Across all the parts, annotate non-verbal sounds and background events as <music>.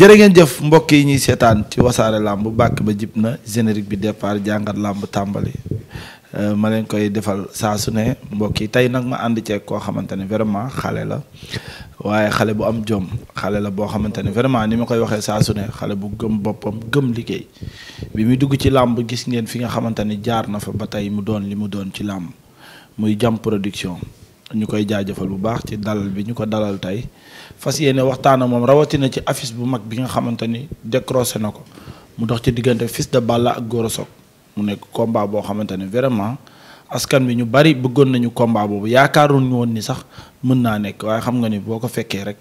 jërë ngeen jëf mbokk yi ñuy seetaan ci wasaare làmb bàkk ba jib na générique bi départ jàngat làmb tàmbali euh, ma leen koy defal saa su ne mbokk yi tey nag ma ànd ceeg koo xamante ne vraiment xale la waaye xale bu am jom xale la boo xamante ne vraiment ni ma koy waxee saa su ne xale bu gëm boppam gëm liggéey bi muy dugg ci làmb gis ngeen fi nga xamante ne jaar na fa ba tey mu doon li mu doon ci làmb muy jam production ñu koy jaajëfal bu baax ci dalal bi ñu ko dalal tey fas yéene waxtaan ak moom rawatina ci affiche bu mag bi nga xamante ni décroché na ko mu dox ci diggante Fils de Balla ak Gora Sock mu nekk combat boo xamante ni vraiment askan bi ñu bari bëggoon nañu combat boobu yaakaaroon ñu woon ni sax mën naa nekk waaye xam nga ni boo ko fekkee rek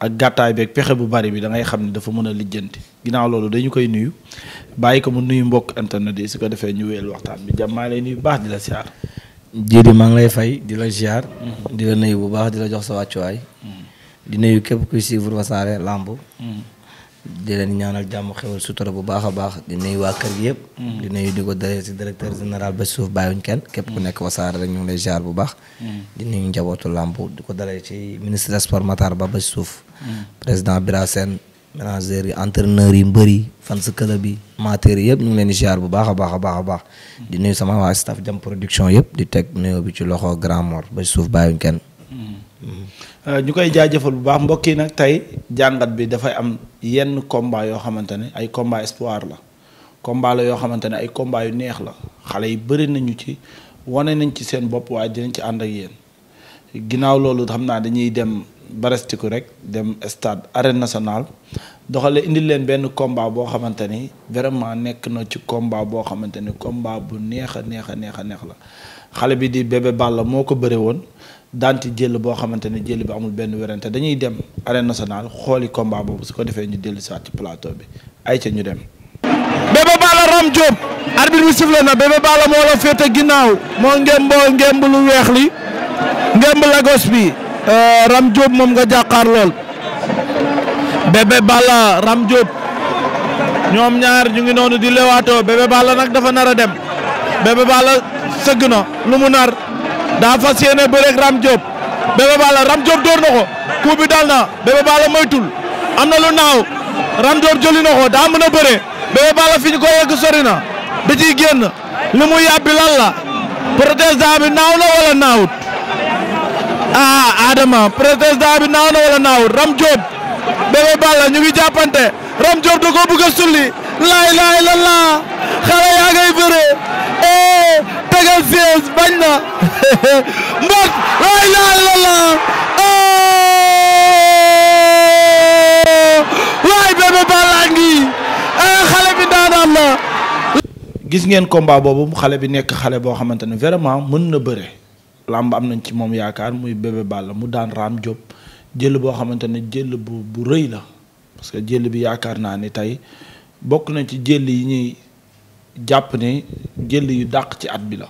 ak gàttaay beeg pexe bu bari bi da ngay xam ni dafa mën a lijjanti ginnaaw loolu dañu koy nuyu bàyyi ko mu nuyu mbokk internet yi su ko defee ñu wéyal waxtaan bi jàmm maa lay nuyu baax di la siyaar. Diédi maa ngi fay di la siyaar. Mm-hmm. di la nuyu bu baax di la jox sa wàccuwaay. Mm-hmm. di nuyu képp kuy suivre Wassare Lamb. Mm. di leen ñaanal jàmm xewal sutura bu baax a baax di nuyu waa kër gi yëpp. Mm. di nuyu di ko dalee si directeur général ba suuf bàyyiwuñ kenn. képp ku mm. nekk wasaare rek ñu ngi lay ziar bu baax. di nuyu njabootu làmb di ko dalee ci ministre des sports Matar Ba ba suuf. président Bira Sène manager yi entraîneur yi mbër yi fan sa club yi amateur yëpp ñu ngi leen di ziar bu baax a baax a baax a baax. di sama waa staff jam production yëpp di teg nuyoo bi ci loxo Grand Mor ba suuf bàyyiwuñ kenn. Euh, ñu koy jaajëfal bu baax mbokk yi nag tey jàngat bi dafay am yenn combat yoo xamante ne ay combat la combat la yoo xamante ne ay combat yu neex la xale yi bëri nañu ci wane nañ ci seen bopp waaye dinañ ci ànd ak yéen ginnaaw loolu xam naa dañuy dem barestiku rek dem stade arène national doxale indil leen benn combat boo xamante ni vraiment nekk na ci combat boo xamante ni combat bu neex a neex a neex a neex la xale bi di Bébé Balla moo ko bëre woon daan ci jël boo xamante ne jël bi amul benn werante dañuy dem arène nationale xooli combat boobu su ko defee ñu dellu si waat ci plateau bi ay ca ñu dem. Bébé Balla Ram Diop. bi na Bébé Balla moo ginnaaw moo ngemboo ngemb lu weex li ngemb Lagos bi euh, Ram Diop moom nga jàqar lool Bébé Balla Ram ñoom ñaar ñu ngi noonu di lewaatoo Bébé Balla nag dafa nar a dem Bébé Balla sëgg na lu mu nar. daa fas yéene bëreeg Ram Diop Bébé Balla Ram Diop door na ko coup bi Balla moytul am na lu naaw Ram Diop jëli na ko mën a bëre Bébé Balla fi ñu ko yegg sori na da ciy génn li mu yàbbi lan la protestant bi naaw na wala naawut ah Adama protestant bi naaw na wala naawut Ram Diop Bébé Balla ñu ngi Ram Diop da koo bëgg a sulli laay laay lan laa xale tegal fees bañ na <laughs> mbot la ilaha oh! waay Bébé Balla ngi eh, xale bi daanaan la gis ngeen combat boobu xale bi nekk xale boo xamante ne vraiment mën na bëre làmb am nañ ci moom yaakaar muy Bébé Balla mu daan Raam Diop jël boo xamante ne jël bu bu rëy la parce jël bi yaakaar naa ni tey bokk nañ ci jël yi ñuy jàpp ne jël yu dàq ci at bi la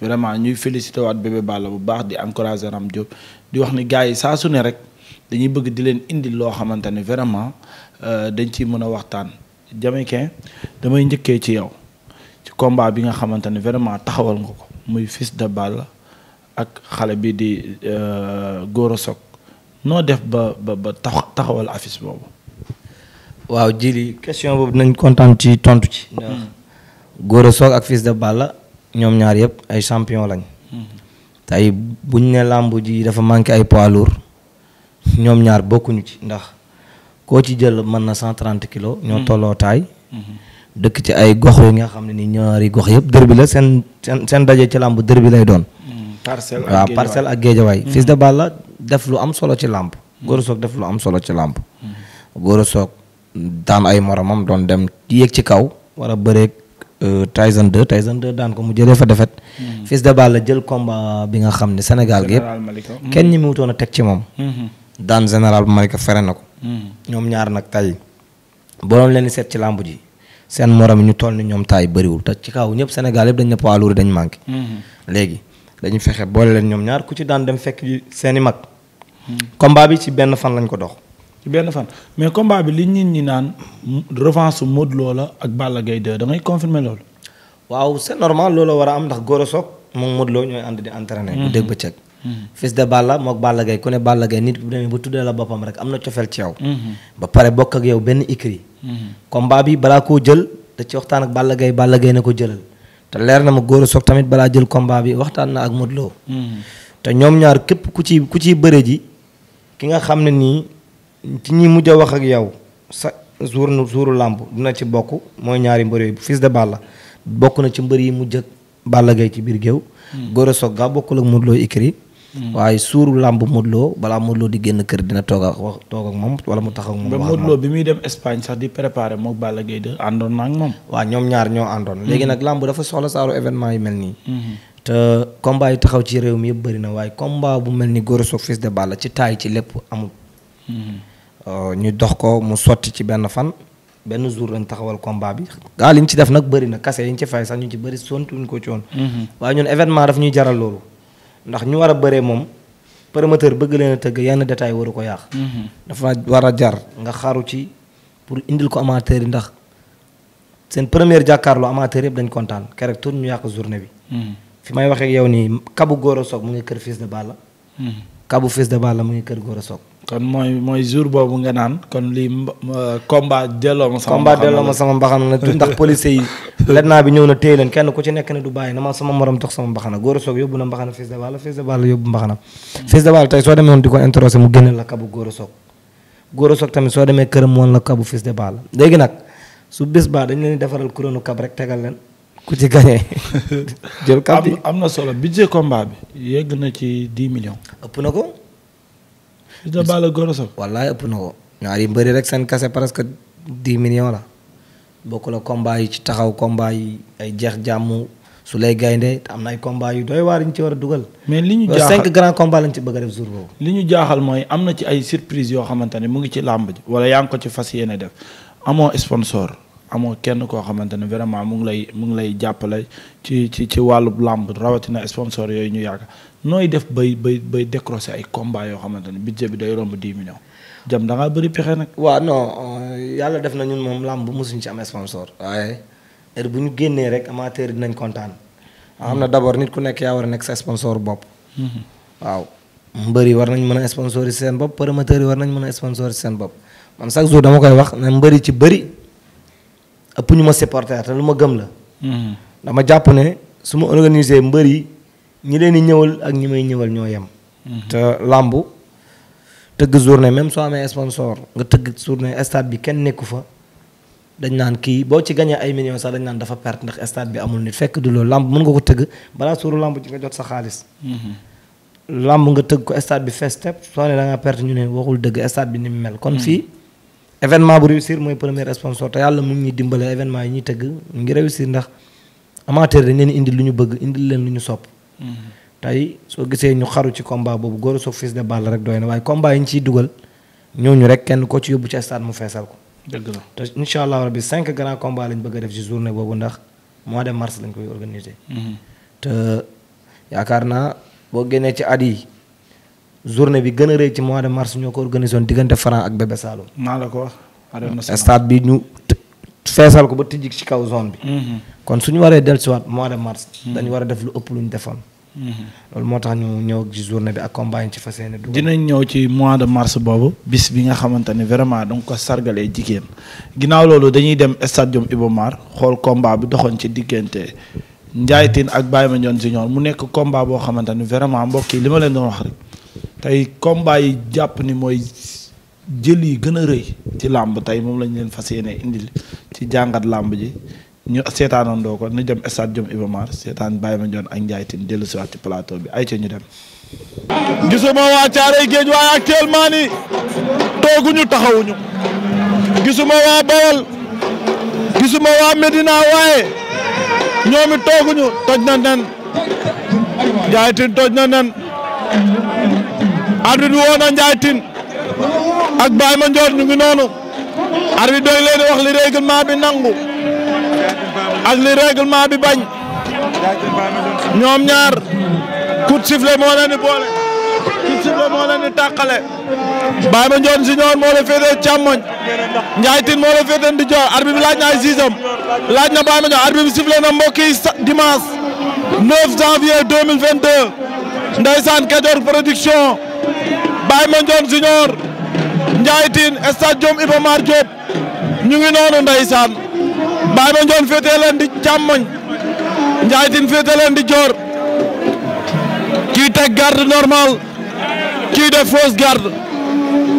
vraiment ñuy félicité waat bébé Balla bu baax di encouragé am Diop di wax ni gars yi saa su ne rek dañuy bëgg di leen indil loo xamante ne vraiment euh, dañ ciy mën a waxtaan. Jamaïcain damay njëkkee ci yow ci combat bi nga xamante ne vraiment taxawal nga ko muy fis de Balla ak xale bi di euh, Gora Sock noo def ba ba tax taxawal affiche boobu. waaw jili question boobu nañ kontaan ci tontu ci. Hmm. Gora Sock ak Fils de Balla ñoom ñaar yëpp ay champion lañ. tey buñ ne làmb ji dafa manqué ay poids lourd ñoom ñaar bokkuñu ci ndax koo ci jël mën na 130 kilos. ñoo mm-hmm. tolloo mm-hmm. dëkk ci ay gox yi nga xam ne ni ñaari gox yëpp dër bi la seen seen seen daje ci làmb dër bi lay doon. Mm-hmm. parcelle ak géejawaay waaw parcelle de Balla def lu am solo ci làmb. Gora Sock def lu am solo ci làmb. Gora Sock daan ay moromam doon dem yéeg ci kaw war a Euh, Tyson 2 Tyson 2 daan ko mu jëlee fa defet hmm. Fils de Balla jël komba bi nga xam ne Sénégal gi yëpp hmm. kenn ñi mu wutoon a teg ci moom hmm. daan général Malika fere na ko ñoom ñaar nag tay boroom leen seet ci làmb ji seen morom yi ñu toll ni ñoom taay bëriwul te ci kaw ñëpp Sénégal yëpp dañ ne poids lourd dañ manqué léegi dañu fexe boole leen ñoom ñaar ku ci daan dem fekk seeni mag combat bi ci benn fan lañ ko dox ci benn fan mais combat bi li nit ñi naan revanche Modou Lo la ak Balla Gaye 2 da ngay confirmer loolu. waaw c'est normal loolu war a am ndax góor a soog moom Modou Lo ñooy ànd di entraîner. bu mm-hmm. dégg bëccëg. Mm-hmm. fils de Balla mook Balla Gaye ku ne Balla Gaye nit bu tuddee la boppam rek am na cofeel ci yow. Mm-hmm. ba pare bokk ak yow benn écrit. combat bi balaa koo jël da ci waxtaan ak Balla Gaye Balla Gaye na ko jëlal te leer na ma góor a tamit balaa jël combat bi waxtaan na ak Modou ci ñi mujj a wax ak yow sa jour jouru làmb dina ci bokk mooy ñaari mbër yooyu Fils de Balla bokk na ci mbër yi mujj ak Balla Gaye ci biir géew hmm. Gora Sock gaa bokkul ak Modou Lo écrit hmm. waaye suuru làmb Modou balaa Modou di génn kër dina toog ak toog ak moom wala mu taxaw mu moom. ba Modou Lo bi muy dem Espagne sax di préparer moog Balla Gaye de àndoon na ak moom. waaw ñoom ñaar ñoo àndoon. léegi hmm. nag làmb dafa soxla saaru événement yi mel nii. te combat yi taxaw ci réew mi yëpp na waaye combat bu mel ni Gora Sock Fils de Balla ci taay ci Euh, ñu dox ko mu sotti ci benn fan benn jour lañ taxawal combat bi gaa liñ ci def nag bëri na kase yi ñu ci fay sax ñu ci bëri sontuñ ko ci woon mhm. waaye ñun événement daf ñuy jaral loolu ndax ñu war a bëree moom promoteur bëgg leen a tëgg yenn détail waru ko yàq mhm. dafa war a jar nga xaru ci pour indil ko amateur yi ndax seen première jàkkaarloo amateur yëpp dañ kontaan keroog tur ñu yàq journée bi mhm. fi may waxee yow nii kabu Gora Sock mu ngi kër Fils de Balla de Balla mu ngi kër Gora kon mooy mooy jour boobu nga naan kon lii euh, combat delloo ma sama combat delloo ma sama mbaxana la <laughs> ndax policier yi lennaa bi ñëw na téye leen kenn ku ci nekk ne du bàyyi na ma sama morom jox sama mbaxana góor a soog yóbbu na mbaxana Fils de Balla Fils de Balla yóbbu mbaxana Fils de Balla tey soo demee woon di ko interroger mu génne la kabu góor a góor a tamit soo demee këram woon la kabu Fils de Balla léegi nag su bés baa dañ leen defaral kuréelu kab rek tegal leen ku ci gagné <laughs> jël kab am na solo budget combat bi yegg na ci 10 millions ëpp na ko fils de Balla Gora ëpp na ko ñaari mbëri rek seen kase presque dix million la bokk la combat yi ci taxaw combat yi ay jeex jàmm su lay gaynde am na ay combat yu dooy waar ñu ci war a dugal. mais li ñu jaaxal cinq grands ci bëgg a def li ñu jaaxal mooy am na ci ay surprise yoo xamante ne mu ngi ci làmb ji wala yaa ngi ko ci fas yéene def amoo sponsor. amoo kenn koo xamante ne vraiment mu ngi lay mu ngi lay jàppale ci ci ci wàllu làmb rawatina sponsor yooyu ñu yaakaar nooy def bay bay bay décrocher ay combat yoo xamante ne budget bi day romb 10 millions. jam da ngaa bëri pexe nag. waa non yàlla def na ñun moom làmb mosuñ ci am sponsor. waaye heure bu ñu génnee rek amateur dinañ kontaan. xam na hmm. d' abord nit ku nekk yaa war a nekk sa sponsor bopp. Hmm. waaw mbër yi war nañ mën a sponsoriser seen bopp promoteur yi war nañ mën a sponsoriser seen bopp man chaque jour dama koy wax ne mbër yi ci bëri ëpp ñu ma supporter te lu ma gëm la. Hmm. dama jàpp ne su ma organiser mbër yi. ñi leen di ñëwal ak ñi may ñëwal ñoo yem. Mhm. te làmb tëgg journée même soo amee sponsor nga tëgg journée stade bi kenn nekku fa dañ naan kii boo ci gagné ay millions sax dañ naan dafa perte ndax stade bi amul nit fekk du loolu làmb mën nga ko tëgg balaa suuru làmb ci nga jot sa xaalis. Mhm. làmb nga tëgg ko stade bi fees tepp soo ne da ngaa perte ñu ne waxul dëgg stade bi ni mu mel. kon mhm. fii événement bu réussir mooy premier sponsor te yàlla mu ngi ñuy dimbale événement ñuy tëgg ngi réussir ndax amateur dañ leen indi lu ñu bëgg indi leen lu ñu sopp. tey soo gisee ñu xaru ci combat boobu góor soog fils de balle rek doy na waaye combat yi ñu ciy dugal ñooñu rek kenn ko ci yóbbu ci stade mu feesal ko. dëgg la te incha allah rabi cinq grands combats lañ bëgg a def ci journée boobu ndax mois de mars lañ koy organiser. Mhm. te yaakaar naa boo génnee ci at yi journée bi gën a rëy ci mois de mars ñoo ko organisé woon diggante Franc ak Bébé Saloum. maa la ko wax. stade bi ñu feesal ko ba tijji ci kaw zone bi. Mhm. kon suñu waree dellusiwaat mois de mars. Mhm. dañu war a def lu ëpp lu ñu defoon. Mhm. loolu moo tax ñu ñëw ci journée bi ak combat ci fas yéene dugg. dinañ ñëw ci mois de mars boobu bis bi nga xamante ne vraiment da ko sargalee jigéen ginnaaw loolu dañuy dem stadium Iba Mar xool combat bi doxoon ci diggante Ndiaye Tine ak Baye si Junior mu nekk combat boo xamante ne vraiment mbokk yi li leen doon wax rek tey combat yi jàpp ni mooy jël yi gën a rëy ci làmb tey moom lañ leen fas yéene indil. ci jàngat làmb ji ñu seetaanandoo ko ñu dem stade Jom Iba seetaan Baye ak Ndiaye Tine dellu si waat ci plateau bi ay ca ñu dem. gisuma waa Caaray Géej waaye actuellement ni tooguñu taxawuñu gisuma waa Bawal gisuma waa Medina waaye ñoom tooguñu toj na nen Ndiaye toj na nen arbitre bi woo ak Baye ñu ngi noonu. arbitre wax li règlement bi nangu ak li règlement bi bañ ñoom ñaar coup de sifflet moo leen di boole coup de sifflet moo leen di tàqale Baye Mandione Junior moo la féetee càmmoñ Ndiaye moo la féetee ndijoor arbitre bi laaj na ay siisam laaj na Baye Mandione arbitre bi sifflé na mbokk yi dimanche 9 janvier 2022 ndeysaan Kajoor production Baye Mandione Junior Ndiaye Tine stade Iba Mar Diop ñu ngi noonu ndeysaan Baye Mandione féetee leen di càmmoñ Ndiaye Tine féetee leen di joor kii teg garde normal kii def fausse garde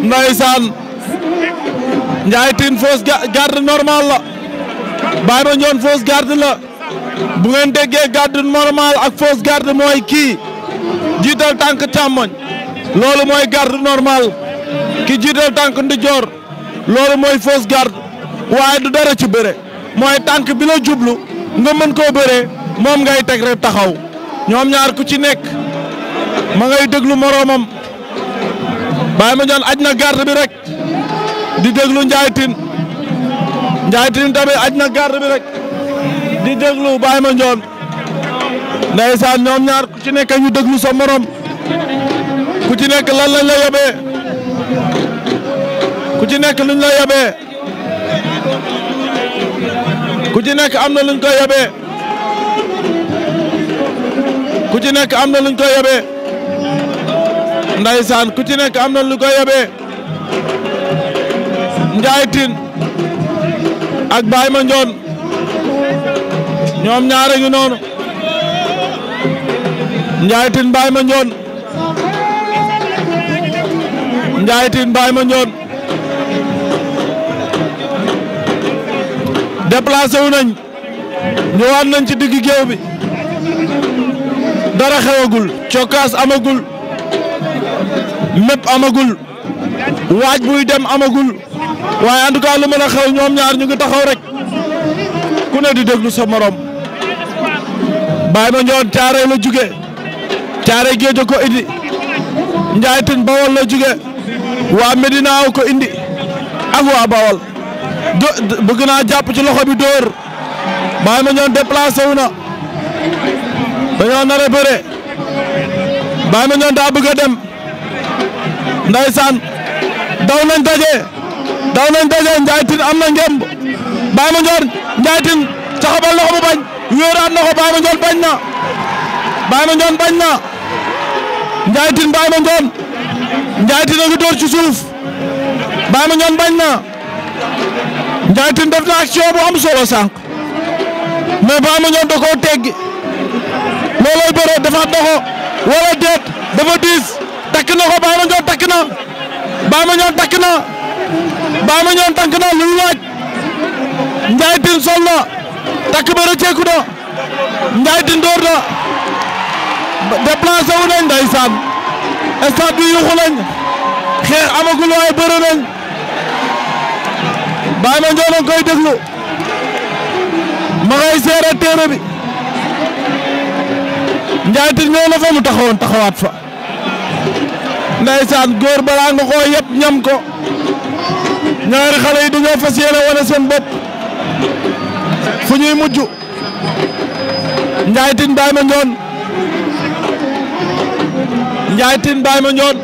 ndeysaan Ndiaye Tine fausse garde normal la Baye Mandione fausse garde la bu ngeen deggee garde normal ak fausse garde mooy kii jiital tànk càmmoñ loolu mooy garde normal ki jiital tànk ndijoor loolu mooy fausse garde waaye du dara ci bëre mooy tànk bi la jublu nga mën koo bëree moom ngay teg rek taxaw ñoom ñaar ku ci nekk ma ngay déglu moroomam Baye Mandione aj na garde bi rek di déglu Ndiaye Tine Ndiaye Tine tamit aj na garde bi rek di déglu Baye Mandione ndeysaan ñoom ñaar ku ci nekk ñu déglu sa morom ku ci nekk lan lañ la yóbbee ku ci nekk luñ la yabee ku ci nekk am na luñ ko yabee ku ci nekk am na luñ ko yabee ndaysaan ku ci nekk am na luñ ko yabee Ndiaye ak baay ma Mandione ñoom ñaare ngi noonu Ndiaye baay Baye Mandione Ndiaye Tine Baye Mandione déplacé wu nañ ñëwaat nañ ci digg géew bi dara xewagul cokkaas amagul mépp amagul waaj buy dem amagul waaye en lu mën a xew ñoom ñaar ñu ngi taxaw rek ku ne di déglu sa morom Baye Mandione caare la jugee caare géej ko indi Ndiaye Tine Bawol la jugee. waa Medina ko indi ak waa Bawol do naa jàpp ci loxo bi dóor bàyyi ma ñoon déplacé wu na dañoo nar a daa bëgg a dem ndeysaan daw nañ daje daw nañ daje Ndiaye Tine am na ngemb bàyyi ma ñoon Ndiaye caxabal na ko mu bañ wéeraat na ko bàyyi ma bañ na bàyyi ma bañ na Ndiaye Tine bàyyi ma Ndiaye Tine ngi door ci suuf Baye Mandione bañ na Ndiaye Tine def na action bu am solo sànq mais Baye Mandione da koo teggi loolooy bëre dafa na ko wala déet dafa diis takk na ko Baye Mandione takk na Baye Mandione takk na Baye Mandione takk na lu laaj Ndiaye sol na takk ba rëcceeku na Ndiaye Tine door na déplacé wu nañ ndeysaan stade bi yuuxu nañ xeex amagul waaye bëre nañ Baye Mandione koy déglu ma ngay seere téere bi Ndiaye Tine ñëw mu taxawoon taxawaat fa ndeysaan góor balaa nga koo yëpp ñam ko ñaari xale yi dañoo fas yéene wane seen bopp fu ñuy mujj Ndiaye Tine Baye Mandione Ndiaye Tine Baye Mandione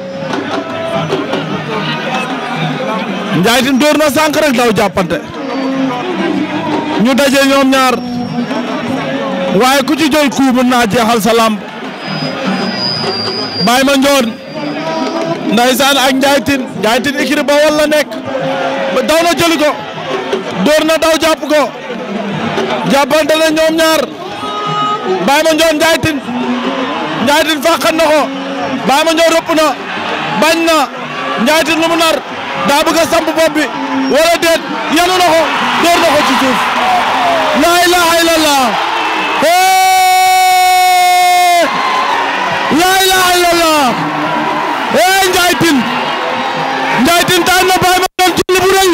Ndiaye Tine dóor na sànq daw jàppante ñu daje ñoom ñaar waaye ku ci jël coup mën naa jeexal sa lamb Baye Mandione ndeysaan ak Ndiaye Tine ikiri ba wal nekk daw na jëli ko dóor na daw jàpp ko jàppante na ñoom ñaar Baye Mandione Ndiaye Tine Ndiaye Tine fàqan ko Baye Mandione rëpp na bañ na Ndiaye lu mu nar daa bëgg a samp bopp bi wala déet yanu na ko door na ko ci suuf la ilaha illallah eh la ilaha illallah eh Ndiaye daan na Baye Mandione jël bu rëy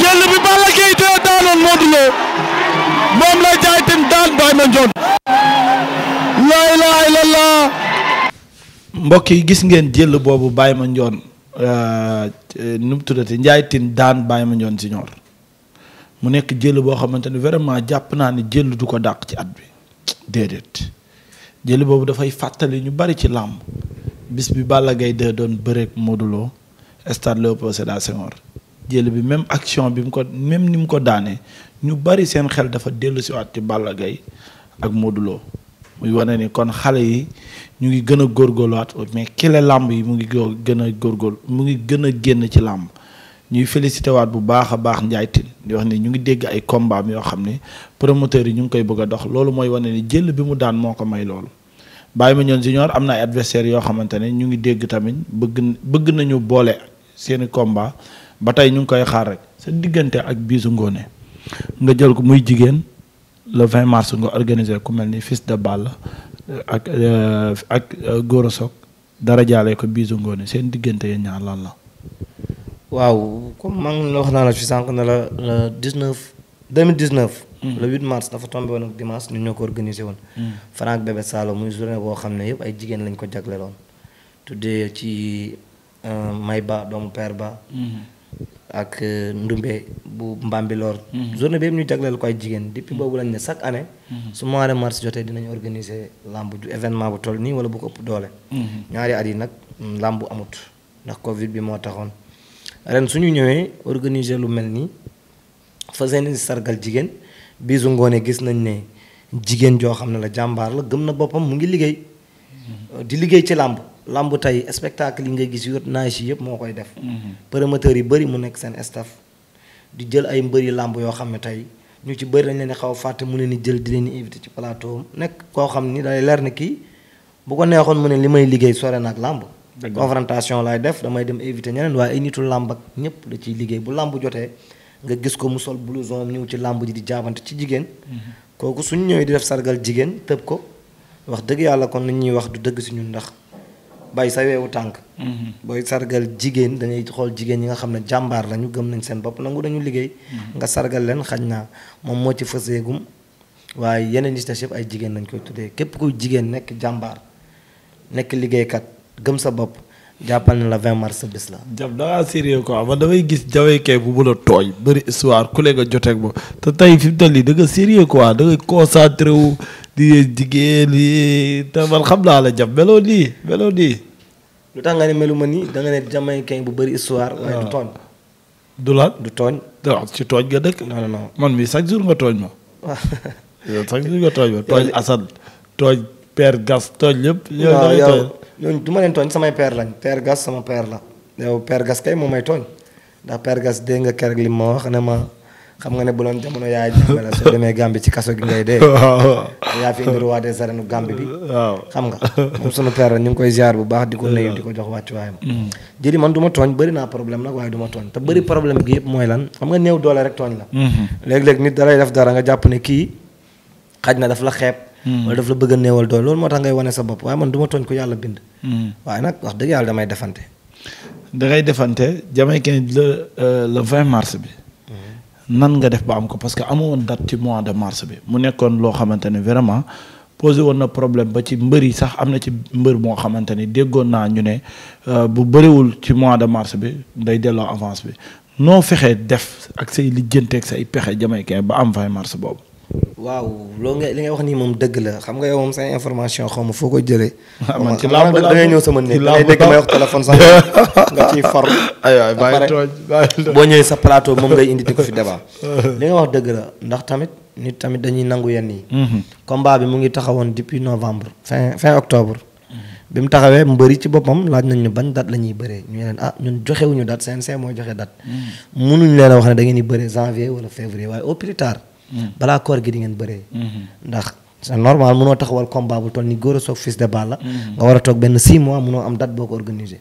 jël bi Balla Gaye 2 daanoon Modou Lo moom la Ndiaye Tine daan Baye Mandione mbokk yi gis ngeen jël boobu Baye Mandione euh, euh, nu mu tuddati Ndiaye Tine daan Baye Mandione Junior mu nekk jël boo xamante ne vraiment jàpp naa ni jël du ko dàq ci at bi déedéet jël boobu dafay fàttali ñu bari ci làmb bis bi Balla de doon bëreek Modou Lo stade Léopold Sédar Senghor jël bi même action bi mu ko même ni mu ko daanee ñu bari seen xel dafa dellu siwaat ci Balla ak Modou muy wane nii kon xale yi ñu ngi gën a góorgóorluwaat mais kile làmb yi mu ngi gën a góorgóorlu mu ngi gën a génn ci làmb ñuy félicité waat bu baax a baax Ndiaye Tine di wax ni ñu ngi dégg ay combats yoo xam ni promoteurs yi ñu ngi koy bëgg a dox loolu mooy wane ni jël bi mu daan moo ko may loolu. ma Mandione Junior am na ay adversaires yoo xamante ne ñu ngi dégg tamit bëgg bëgg nañu boole seeni combat ba tey ñu ngi koy xaar rek sa diggante ak Bijou ngoone nga jël ko muy jigéen. le 20 mars nga organiser ku mel ni Fils de Balla euh, ak euh, ak euh, Gora Sock dara jaale ko biisu ngoone seen diggante yeen ñaar lan la. waaw comme maa ngi la wax naa la fi sànq ne la le 19 2019. Mm. le 8 mars dafa tombé woon ak dimanche ñun ñoo ko organisé woon. Mm. Franck Bébé Saloum muy journée boo xam ne yëpp ay jigéen lañ ko jagleeloon. tuddee ci Mayba doomu Père Ba. Mm-hmm. ak euh, Ndumbe bu Mbambilor. Mhm. journée bi ñu jagleel ko ay jigéen depuis mhm. boobu lañ ne chaque année. Mhm. su mois de mars jotee dinañ organiser lamb ju événement bu toll nii wala bu ko ëpp doole. ñaari at yi nag mm, lamb amut ndax Covid bi moo taxoon ren su ñu ñëwee organiser lu mel nii fas yéene sargal jigéen bisu ngoone gis nañ ne jigéen joo xam ne la jàmbaar la gëm na boppam mu ngi liggéey. di liggéey ci làmb lamb tey spectacle yi nga gis yu naaj yi yëpp moo koy def. Mhm. promoteurs yi bëri mu nekk seen staff di jël ay mbëri làmb yoo xam ne tey ñu ci bëri dañ leen xaw a fàtte mu leen di jël di leen invité ci plateau nekk koo xam ni day leer na kii bu ko neexoon mu ne li may liggéey sore na ak lamb. confrontation laay def damay dem invité ñeneen waaye ay nitu lamb ak ñëpp da ciy liggéey bu lamb jotee nga gis ko mu sol blouson am ñëw ci làmb ji di jaabante ci jigéen. Mhm. kooku suñ ñëwee di def sargal jigéen tëb ko wax dëgg yàlla kon li ñuy wax du dëgg si ñun ndax bay sa weewu tànk. Mm-hmm. booy sargal jigéen dañuy xool jigéen ñi nga xam ne jàmbaar lañu gëm nañ seen bopp nangu dañu liggéey. Mm-hmm. nga sargal leen xañ naa moom moo ci fëseegum waaye yeneen yi ci yëpp ay jigéen lañ koy tuddee képp kuy jigéen nekk jàmbaar nekk liggéeykat gëm sa bopp. jàppal ne la 20 mars bis la. jàpp da ngaa sérieux quoi man damay gis jawekee bu mën a tooñ bëri histoire ku leen nga joteeg moom te tey fi mu toll nii da nga sérieux quoi da nga concentré wu di jigéen yi te man xam naa la jàpp meloo nii meloo nii. lu tax nga ne melu ma nii da nga ne jamaïcain bu bëri histoire. waaye du ah. tooñ. du la du tooñ. waaw ci tooñ nga dëkk. non non man mii chaque jour nga tooñ ma. <laughs> tooñ ma tooñ. père gas tooñ ñëpp. waaw yow ma leen tooñ samay père lañ père gas sama père la yow père gas kay moom may tooñ ndax père gas dégg nga keroog li ma wax ne ma xam nga ne bu doon jamono yaay jàngale soo demee Gambie ci kaso gi ngay dee. <laughs> ko nuyu di ko jox wàccuwaayam. Mm. jëri man du ma tooñ bëri naa problème nag waaye du ma tooñ te doole rek tooñ la. Mm-hmm. léeg-léeg nit da lay def dara nga jàpp ne kii xaj na daf la xeeb Hmm. wala daf la bëgg a néewal doole loolu moo tax ngay wane sa bopp waaye man du ma tooñ ko yàlla bind. Hmm. waaye nag wax dëgg yàlla damay defante. da ngay defante Jamaïcain euh, le le 20 mars bi. Hmm. nan nga def ba am ko parce que amu woon ci mois de mars bi mu nekkoon loo xamante ne vraiment posé woon na problème ba ci mbër yi sax am na ci mbër moo xamante ni déggoon naa ñu ne euh, bu bëriwul ci mois de mars bi day delloo avance bi noo fexee def ak say lijjanteeg say pexe Jamaïcain ba am 20 mars boobu. waaw loo nga li nga wax nii moom dëgg la xam nga yow moom sa information xaw ma foo ko jëlee. Ah, man ci da ngay ñëw sama néeg da ngay dégg may wax téléphone sax nga ciy for. <laughs> boo ñëwee sa plateau moom ngay indi di ko fi <laughs> débat. li nga wax dëgg la ndax tamit nit tamit dañuy nangu yenn yi. Mhm. combat bi mu ngi taxawoon depuis novembre. fin fin octobre. bi mu taxawee mbëri ci boppam laaj nañ ñu bañ date la bëree ñu leen ah ñun joxewuñu date CNC moo joxe date. Mhm. munuñ leen a wax ne da ngeen bëree janvier wala février waaye Mm-hmm. balaa koor gi di ngeen bëree. Mm-hmm. ndax c'est normal munoo taxawal combat bu toll ni góor a soog fils de Balla. Mm-hmm. nga war a toog benn 6 mois munoo am date boo ko organisé.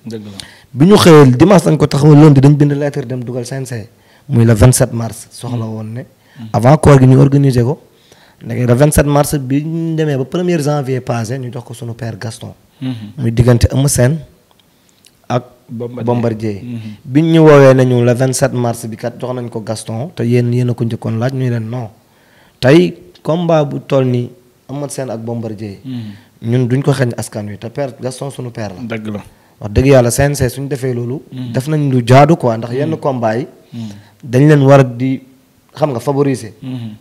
bi ñu xëyee dimanche dañ ko taxawal lundi dañ bind lettre dem dugal CNG. muy le mars soxla woon ne. avant koor gi ñu organisé ko. léegi le mars bi ñu woowee nañu le mars bi kat jox nañ ko Gaston te yéen yéen a ko njëkkoon laaj ñu leen non. tey combat bu toll nii Eumeu seen ak Bombardier hmm. ñun duñ ko xañ askan wi te père Gaston suñu père la. dëgg la wax dëgg yàlla CNG suñ defee loolu. Hmm. def nañ lu jaadu quoi ndax yenn hmm. combat yi. dañ leen war di xam nga favoriser.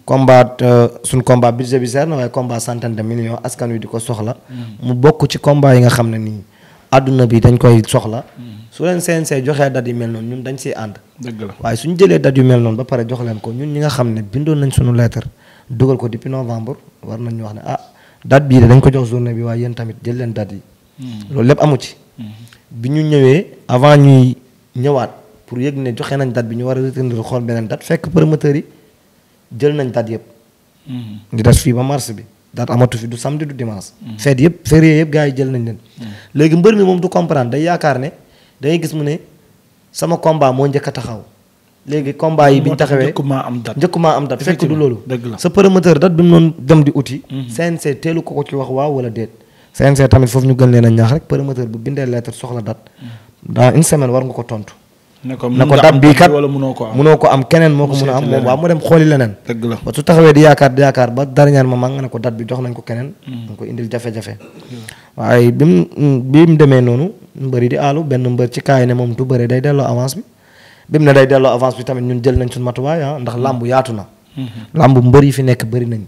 combat euh, suñu combat budget bi seer na waaye combat centaine de millions askan wi di ko soxla. mu bokk ci combat yi nga xam ne nii àdduna bi dañ koy soxla. su leen CNG joxee dat yu mel noonu ñun dañ siy ànd. dëgg la waaye suñu jëlee dat yu mel noonu ba pare jox leen ko ñun ñi nga xam ne bindoon nañ suñu lettre. dugal ko depuis novembre war nañu wax ne ah dat bii de dañ ko jox journée bi waaye yéen tamit jël leen date yi. Hmm. loolu lépp amu ci. Hmm. bi ñu ñëwee avant ñuy ñëwaat pour yëg ne joxe nañ date bi ñu war a retenir xool beneen date fekk promoteurs yi jël nañ date yëpp. di hmm. des fii ba mars bi date amatu fi du samedi du dimanche. fête yëpp férié yëpp gars yi jël nañ leen. léegi mbër mi moom du comprendre day yaakaar ne da gis mu ne sama combat moo njëkk a taxaw. léegi combat yi bi ñu taxawee njëkkumaa am date njëkkumaa am date fekk du loolu. sa promoteur date bi mu noonu dem di uti. CNC mhm. teelu ko ko ci wax waaw wala déet. CNC tamit foofu ñu gën leen a ñaax rek promoteur bu bindee lettre soxla date. Mhm. dans une semaine war nga ko tontu. ne ko date bii kat munoo ko am munoo ko am keneen moo ko mun a am moom waaw mu dem xooli leneen. su taxawee di yaakaar di yaakaar ba dara ñaan ma maa nga ko date bi jox nañ ko keneen. nga mhm. ko indil jafe-jafe. waaye demee noonu mbëri di aalu benn mbër ci kaay moom bëre day delloo avance bi bi mu ne day delloo avance bi tamit ñun jël nañ suñu matuwaay ah ndax làmb yaatu na. làmb mbër yi fi nekk bëri nañ.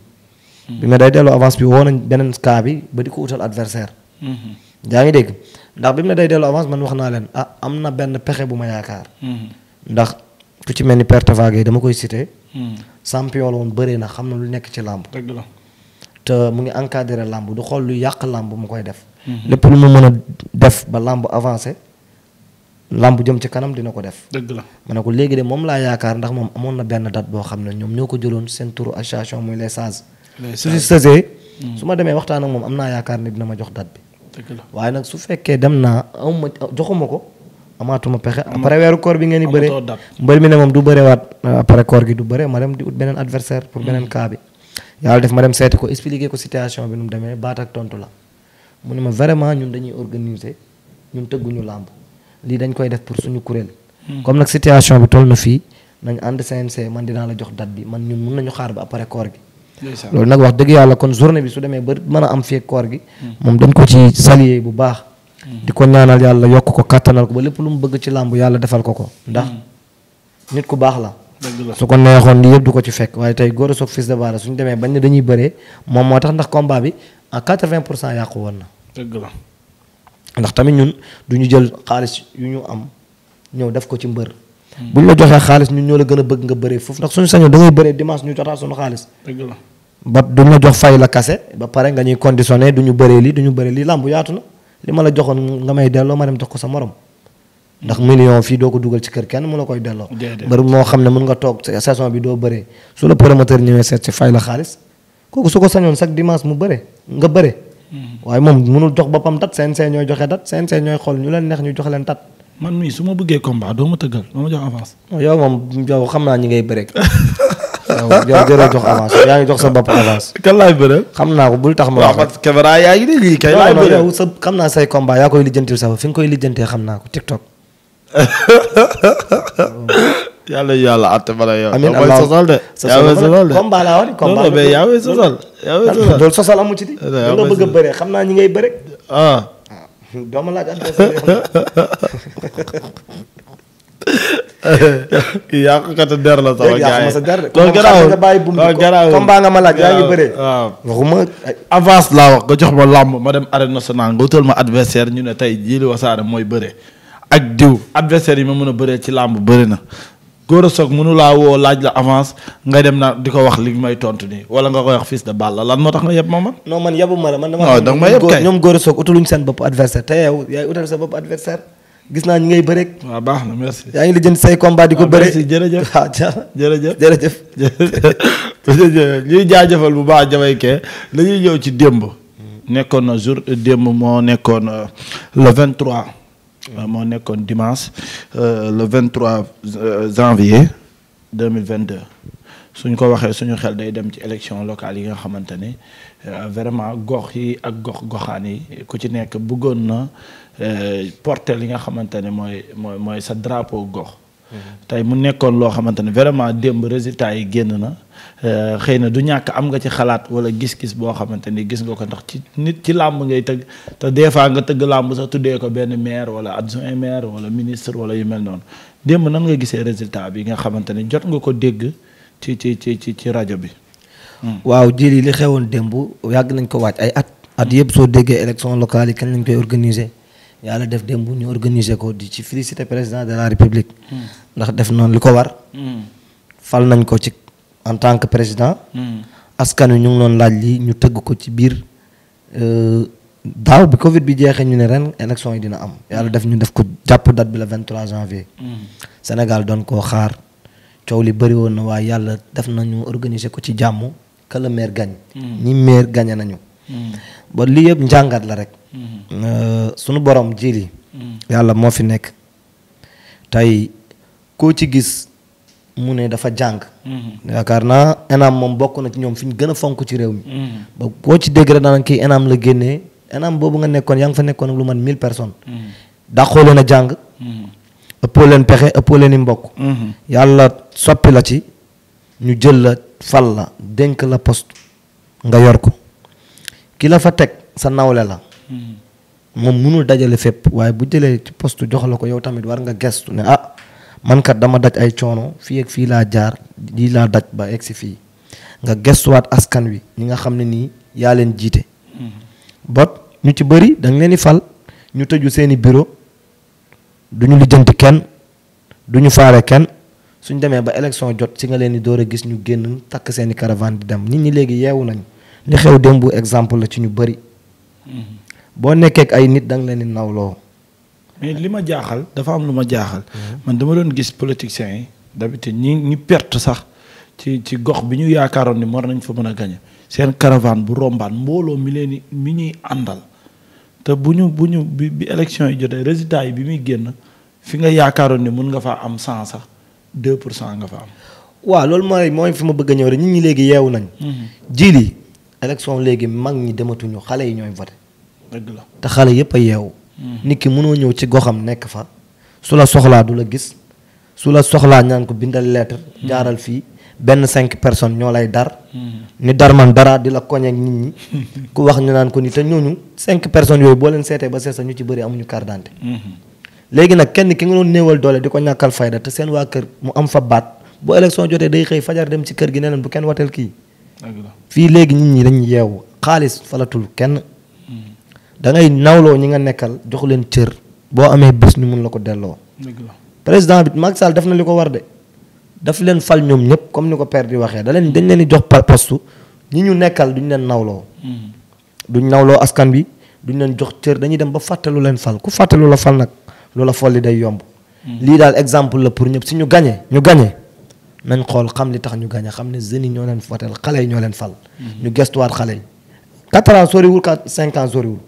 bi mu ne day delloo avance bi woo beneen cas ba di ko utal adversaire. yaa ngi dégg ndax bi mu ne day delloo avance man wax naa leen ah am na benn pexe bu ma yaakaar. ndax ku ci mel ni perte vague yi dama koy cité. champion la woon bëree na xam na lu nekk ci làmb. dëgg la te mu ngi encadré làmb du xool lu yàq làmb mu koy def. Mhm. lépp lu mu mën a def ba làmp jëm ci kanam dina ko def. dëgg la ma ne ko léegi de moom laa yaakaar ndax moom amoon na benn date boo xam ne ñoom ñoo ko jëloon seen turu association muy les sages. su si sësee. Hmm. su ma demee waxtaan ak moom am naa yaakaar ne dina ma jox date bi. waaye nag su fekkee dem naa am ma joxuma ko amaatuma pexe. Hmm. après weeru koor bi ngeen di bëree mbër mi ne moom du bëreewaat euh, après koor gi du bëree ma dem di ut beneen adversaire pour hmm. beneen kaa bi. yàlla def ma dem seeti ko expliquer ko situation bi mu demee baat tontu la mu ne ma vraiment ñun dañuy organiser ñun tëgguñu làmb lii dañ koy def pour suñu kuréel. Hmm. comme nag situation bi toll na fii nañ ànd CNC man dinaa la jox date bi man ñu mun nañu xaar ba après koor gi. loolu nag wax dëgg yàlla kon journée bi su demee ba mën a am fii koor gi. Hmm. moom dañ ko ci saluer bu baax. Hmm. di ko ñaanal yàlla yokk ko kattanal ko ba lépp lu mu bëgg ci làmb yàlla defal ko ko ndax nit ku baax la. su ko neexoon lii yëpp du ko ci fekk waaye tey Gora Sock fils de Balla suñu demee bañ ne dañuy bëree moom moo tax ndax combat bi à 80 pour cent yàqu woon na. dëgg ndax tamit ñun du ñu jël xaalis yu ñu am ñëw def ko ci mbër. bu ñu la joxee xaalis ñun ñoo la gën a bëgg nga bëree foofu ndax suñu sañoon da ngay bëree dimanche ñu jotaat suñu xaalis. dëgg la ba du ñu la jox fay la kase ba pare nga ñuy conditionné du ñu bëree lii du ñu bëree lii làmb yaatu na li ma la joxoon nga may delloo ma dem jox ko sa morom. ndax million fii doo ko dugal ci kër kenn mu la koy delloo. bari moo xam ne mën nga toog saison bi doo bëree su la promoteur ñëwee seet ci fay xaalis kooku su ko sañoon chaque dimanche mu bëre nga bëre Mm-hmm. waaye moom mënul jox boppam tat CNG ñooy joxe tat CNG ñooy xool ñu leen neex ñu jox leen tat. man mii su ma bëggee combat doo ma tëggal doo ma jox avance. xam naa ñi ngay bëre. yow jërë jox avance yaa ngi jox sa bopp avance. kan laay bëre. xam naa ko bul tax ma. waaw parce yaa ngi nii lii xam naa say combat yaa koy lijjantil sa fi nga koy lijjantee xam naa ko TikTok. <laughs> yàlla yàlla àtte bala yow. amiin allah mooy sosal de. sosal la sosal de combat laa woon combat non non mais yaa ngi sosal. yaa ngi sosal loolu sosal amu ci di. yaa ngi bëgg a bëree xam naa ñi ngay bëre. ah. <laughs> doo ma laaj yaa ko kat der la sama gars yi loolu garaawul nga bàyyi bum combat nga ma laaj yaa ngi bëree. waaw ah. waxuma avance laa wax nga jox ma làmb ma dem arène nationale nga wutal ma adversaire ñu ne tey jii li wasaare mooy bëre. ak diw adversaire yi ma mën a bëree ci làmb bëri na Gora Sock mënulaa woo laaj la avance nga dem na di ko wax li tontu nii wala nga koy wax fils de Balla lan moo tax nga yeb ma man. non man yebu ma la man. dama da nga ma yeb kay ñoom Gora Sock utaluñ seen bopp adversaire te yow yaay utal sa bopp adversaire gis naa ñi ngay bëre. waaw ah, na merci. yaa ngi lijjanti say combat di ah, <laughs> ah, bu baax Jamaïcain la ñuy ñëw ci démb. Mm. nekkoon na jour démb moo nekkoon euh, le 23. Euh, moo nekkoon dimanche euh, le 23 euh, janvier 2022 suñ ko waxee suñu xel day dem ci élection locale yi nga xamante ni vraiment gox yi ak gox goxaan yi ku ci nekk bëggoon na porter li nga xamante ne mooy mooy mooy sa drapeau gox. tey mu nekkoon loo xamante ne vraiment démb résultat yi génn na euh, xëy na du ñàkk am nga ci xalaat wala gis-gis boo xamante ni gis nga ko ndax ci nit ci làmb ngay tëgg te des fois nga tëgg làmb sa tuddee ko benn maire wala adjoint maire wala ministre wala yu mel noonu démb nan nga gisee résultat bi nga xamante ni jot nga ko dégg ci ci ci ci ci rajo bi. Hmm. waaw jëli li xewoon démb yàgg nañ ko waaj ay at. at yëpp soo déggee élection locale yi kañ lañ koy organiser yàlla def démb ñu organiser ko di ci féliciter président de la république. Hmm. ndax def noonu li ko war. Hmm. fal nañ ko ci en tant que président. Hmm. askan wi ñu ngi doon laaj li ñu tëgg ko ci biir euh, daaw bi Covid bi jeexee ñu ne ren élection yi dina am yàlla hmm. def ñu def ko jàpp date bi la 23 janvier. Sénégal doon ko xaar coow li bëri woon na waaye yàlla def nañu organiser ko ci jàmm que le maire gagne. ñi maire gañe nañu. ba lii yëpp njàngat la rek. Euh, sunu borom jili yàlla moo fi nekk tey. koo ci gis mu ne dafa jàng. Mm-hmm. yaakaar naa ENAM moom bokk na ci ñoom fi ñu gën a fonk ci réew mi. Mm-hmm. ba boo ci dégg rek daanaka kii ENAM la génnee ENAM boobu nga nekkoon yaa ngi fa nekkoon lu mat mille personnes. Mm-hmm. dàqoo leen a jàng. ëppoo leen pexe ëppoo leen i mbokk. yàlla soppi la ci ñu jël la fal la dénk la poste nga yor ko ki fa teg sa nawle la. moom mënul dajale fépp waaye bu jëlee ci poste jox la ko yow tamit war nga gestu ne ah. mankat dama daj ay coono fii ak fii laa jaar lii laa daj ba egg si fii nga gestuwaat askan wi ñi nga xam ne nii yaa leen jiite. Mm-hmm. bot ñu ci bëri danga leen di fal ñu tëju seeni bureau du ñu lijjanti kenn du ñu faale kenn suñ demee ba élection jot ci nga leen di door a gis ñu génn takk seeni caravane di dem nit ñi léegi yeewu nañ li xew démb exemple la ci ñu bari mm-hmm. boo nekkee ay nit da leen nawloo mais li ma jaaxal dafa am lu ma jaaxal. man dama doon gis politiciens yi d'habitude ñi ñi perte sax ci ci gox bi ñu yaakaaroon ni war nañ fa mën a gañe seen caravane bu rombaan mbooloo mi leen mi ñuy àndal te bu ñu bu ñu bi bi yi jotee résultat yi bi muy génn fi nga yaakaaroon ni mun nga faa am cent sax deux pour cent nga fa am. waaw loolu mooy mooy fi ma bëgg a ñëw rek ñu ñi léegi yeewu nañ mhm. jili élection léegi mag ñi dematuñu xale yi ñooy voté. dëgg te xale yëpp a yeewu. nit ki mënoo ñëw ci goxam nekk fa su la soxlaa du la gis su la soxlaa ñaan ko bindal lettre jaaral fii benn cinq personnes ñoo lay dar ni dar man dara di la koñeek nit ñi <laughs> ku wax ñu naan ko ni te ñooñu cinq personnes yooyu boo leen seetee ba seet sa ñu ci bëri amuñu carte d'identité mm-hmm. léegi nag kenn ki nga doon néewal doole di ko ñàkkal fayda te seen waa kër mu am fa baat bu élection jotee day xëy fajar dem ci kër gi ne leen bu kenn wateel kii fii léegi nit ñi dañuy yeewu xaalis falatul kenn da ngay nawloo ñi nga nekkal jox leen cër boo amee bés ñu mun la ko delloo. président bi Macky Sall def na li ko war de daf leen fal ñoom ñëpp comme ni ko père di waxee da leen dañ leen di jox poste ñi ñu nekkal duñ leen nawloo. Hmm. duñ nawloo askan bi duñ leen jox cër dañuy dem ba fàttalu leen fal ku fàttalu la fal nag loola folli day yomb. Hmm. lii daal exemple la pour ñëpp si ñu gañee ñu gañee nañ xool xam li tax ñu gañe xam ne jeunes yi ñoo leen fatal xale yi ñoo leen fal. Hmm. ñu gestuwaat xale yi 4 ans soriwul 4 5 ans soriwul.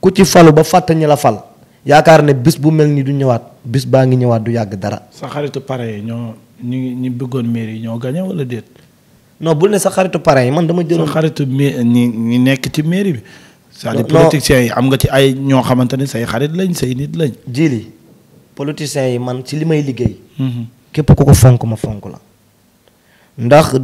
ku ci falu ba fàtte ñi la fal yaakaar ne bis bu mel ni du ñëwaat bis baa ngi ñëwaat du yàgg dara. sa xaritu pare yi ñoo ñu ñu bëggoon maire yi ñoo gañe wala déet. noo bul ne sa xaritu pare yi man dama jëloon. sa xaritu maire ñi ñi nekk ci mairie bi. c'est-à-dire yi am nga ci ay ñoo xamante ne say xarit lañ say nit lañ. jiili politiciens yi man ci li may liggéey. Mhm. képp ku ko fonk ma fonk la. ndax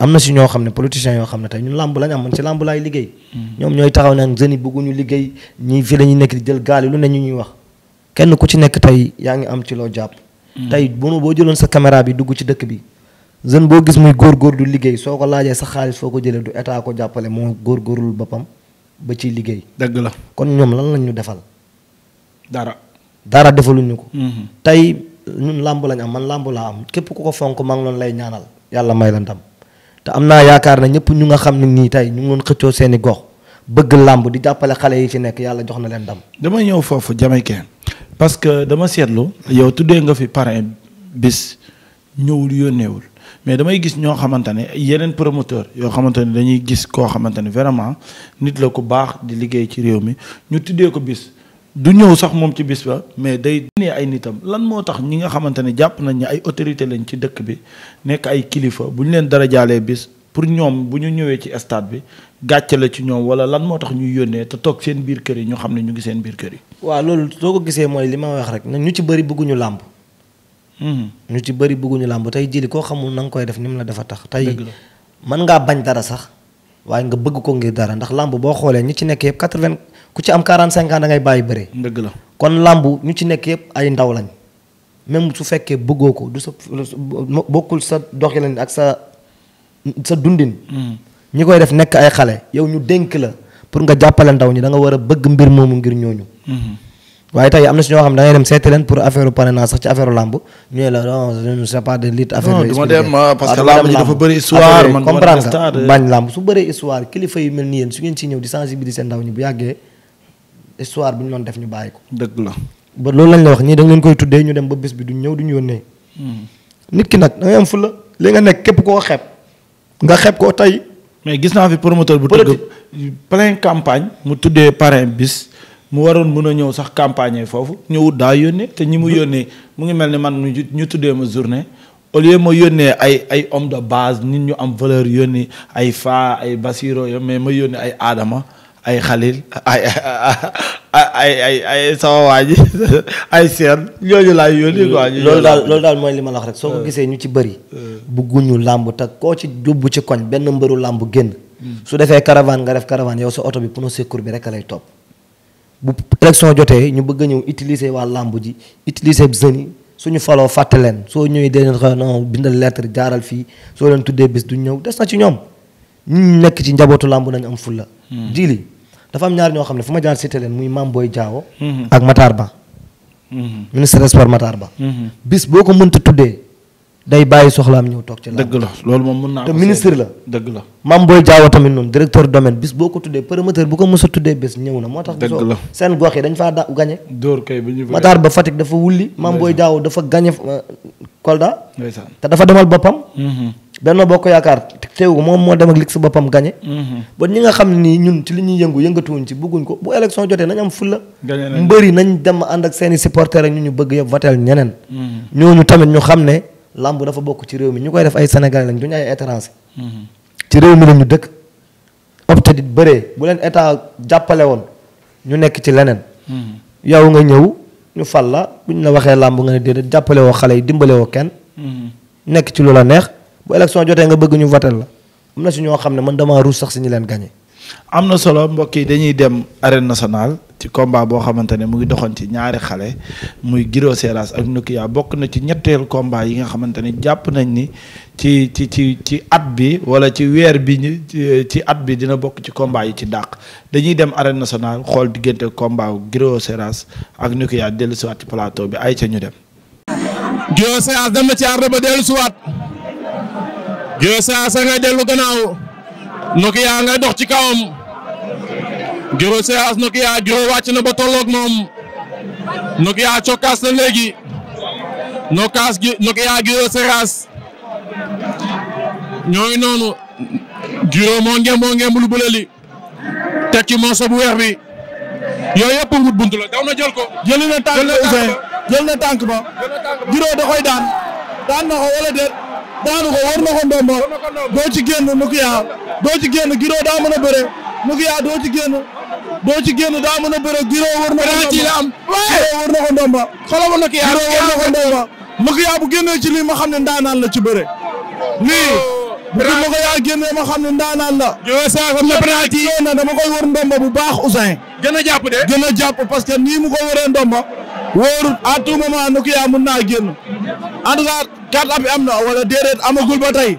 am na si ñoo xam ne politiciens yoo xam ne tey ñun làmb lañ am man ci ñoom ñooy taxaw naan jeunes yi bëgguñu liggéey ñii fii la ñuy nekk di jël gaal yi lu ne ñu ñuy wax kenn ku ci nekk tey yaa ngi am ci loo jàpp. Hmm. tey bunu boo jëloon sa caméra bi dugg ci dëkk bi jeune boo gis muy góorgóor du liggéey soo ko laajee sa xaalis foo jëlee du ko jàppale moo góorgóorlu boppam ba ciy liggéey. dëgg la kon ñoom lan lañ ñu defal. dara. dara defaluñu ko. Hmm. tey ñun làmb lañ am man làmb laa am képp ku ko fonk maa ngi loon lay ñaanal yàlla may la ndam te am naa yaakaar ne ñëpp ñu nga xam ne nii tey ñu ngi doon xëccoo seeni gox bëgg làmb di jàppale xale yi ci nekk yàlla jox na leen ndam. damay ñëw foofu Jamaïcain parce que dama seetlu yow tuddee nga fi parrain bis ñëwul yónneewul mais damay gis ñoo xamante ne yeneen promoteur yoo xamante ne dañuy gis koo xamante ne vraiment nit la ko baax di liggéey ci réew mi ñu tuddee ko bis du ñëw sax moom ci bis ba mais day ne ay nitam lan moo tax ñi nga xamante ne jàpp nañ ne ay autorité lañ ci dëkk bi nekk ay kilifa bu ñu leen dara jaalee bis pour ñoom bu ñu ñëwee ci stade bi gàcce la ci ñoom wala lan moo tax ñuy yónnee te toog seen biir kër yi ñu xam ne ñu ngi seen biir kër yi. waaw loolu soo ko gisee mooy li ma wax rek ñu ci bëri bëgguñu làmb. Hmm. ñu ci bëri bëgguñu làmb tey jëli koo xamul na nga koy def ni mu la dafa tax. tey mën ngaa bañ dara sax waaye nga bëgg ko ngir dara ndax làmb boo xoolee ñi ci nekk yëpp quatre ku ci am 45 ans da ngay bàyyi bëre. dëgg la kon làmbu ñu ci nekk yëpp ay ndaw lañ même su fekkee bëggoo ko du sa bokkul sa doxalin ak sa sa dundin. Hmm. ñi koy def nekk ay xale yow ñu dénk la pour nga jàppale ndaw ñi da war a bëgg mbir moomu ngir ñooñu. Hmm. waaye tey am na si ñoo xam ne dem seeti leen pour affaire parrainage sax ci affaire làmb ñu ne la non je ne sais pas de lutte affaire non du ma dem làmb su bëree histoire kilifa yi mel ni yéen su ngeen ci ñëw di sensibiliser ndaw ñi bu yàggee. histoire bu ñu doon def ñu bàyyi ko. dëgg la ba loolu lañ la wax ñii dañ leen koy tuddee ñu dem ba bés bi duñ ñëw duñu yónnee. Hmm. nit ki nag da ngay am fulla li nga nekk képp koo xeeb nga xeeb ko tey. mais gis naa fi promoteur bu tëgg plein campagne mu tuddee parrain bis mu waroon mun a ñëw sax campagne foofu ñëwut daa yónnee te ñi mu hmm. yónnee mu ngi mel ni man ñu tuddee ma journée au lieu ma yónnee ay ay homme de base nit ñu am valeur yónni ay Fa ay Basiro mais ma yónnee ay Adama. ay xalil ay ay ay ay sama waa ay seen ñooñu laay yónni quoi. loolu daal loolu daal mooy li ma la wax rek soo ko gisee ñu ci bëri. bugguñu làmb te koo ci jubbu ci koñ benn mbëru làmb génn. Mm. su defee caravane nga def caravane yow sa oto bi pneu secours bi rek a lay topp. bu élection jotee ñu bëgg ñëw utiliser waa làmb ji utiliser jeunes yi suñu faloo fàtte leen soo ñëwee dee leen non bindal lettre jaaral fii soo leen tuddee bis du ñëw des na ci ñoom ñu nekk ci njabootu làmb nañ am fulla. Mm. jiili. dafa am ñaar ñoo xam ne fu ma jaar cité leen muy Mame Boye Diao mhm. ak Matar Ba mhm. ministre des sports Matar Ba mhm. bis boo ko mënta tuddee day bàyyi soxlaam ñëw toog ci la dëgg la loolu moom mën naa te ministre la dëgg la Mame Boye Diao tamit noonu directeur domaine bis boo ko tuddee promoteur bu ko mës a tuddee bés ñëw na moo tax dëgg la seen gox yi dañ faa da gañe dóor kay bi ñu Matar Ba Fatick dafa wulli Mame Boye Diao dafa gañe euh, Kolda te dafa demal boppam benn bokk yaakaar teewu moom moo dem ak lig si boppam gañe mhm. ba ñi nga xam ni ñun ci li ñuy yëngu yëngatuwuñ ci bëgguñ ko bu élection jotee nañ am fulla mbëri nañ dem ànd ak seen i supporters ak ñu ñu bëgg yëpp votel ñeneen mhm. ñooñu tamit ñu xam ne làmb dafa bokk ci réew mi ñu koy def ay sénégalais lañ ay étranger mhm. ci réew mi lañu dëkk opté di bëree bu leen état jàppale woon ñu nekk ci leneen yow nga ñëw ñu fal la bu ñu la waxee làmb nga ne déedéet jàppale woo xale yi dimbalewoo kenn nekk ci lu la neex bu élection jotee nga bëgg ñu votel la am na si ñoo xam ne man damaa ruus sax si ñu leen gagné. am na solo mbokk yi dañuy dem arène nationale ci combat boo xamante ne mu ngi doxoon ci ñaari xale muy Guiro Seras ak Nokia bokk na ci ñetteel combat yi nga xamante ne jàpp nañ ni ci ci ci ci at bi wala ci weer bi ci at bi dina bokk ci combat yi ci dàq dañuy dem arène nationale xool diggante combat Guiro Seras ak Nokia dellusiwaat ci plateau bi ay ca ñu dem. Guiro Seras ci arène ba dellusiwaat. Guiro Séras a ngay dellu gannaaw Nokia ngay dox ci kawam Guiro Séras Nokia Guiro wàcc na ba tolloog moom Nokia cokkaas na léegi Nokaas Nokia Guiro Séras ñooy noonu Guiro moo ngem moo ngem lu ci mooso bu weex bi yooyu yëpp wut la daw na jël ko. jël na tànk ba jël na daan daan na ko wala déet. daanu ko war na ko ndomba doo ci génn Nokia doo ci génn Giro daa mën a bëre Nokia doo ci génn doo ci génn daa mën a bëre Giro war na ko ndomba Giro na ko ndomba xoolal ma Nokia bu génnee ci lii ma xam ne ndaanaan la ci bëre lii oh. bu ma ko yaa génnee ma xam ne ndaanaan la na dama koy war ndomba bu baax Ousseyn gën a jàpp de gën nii mu ko waree ndomba wóorut à ma moment Nokia mun naa génn en tout cas quatre am na wala déedéet amagul ba tey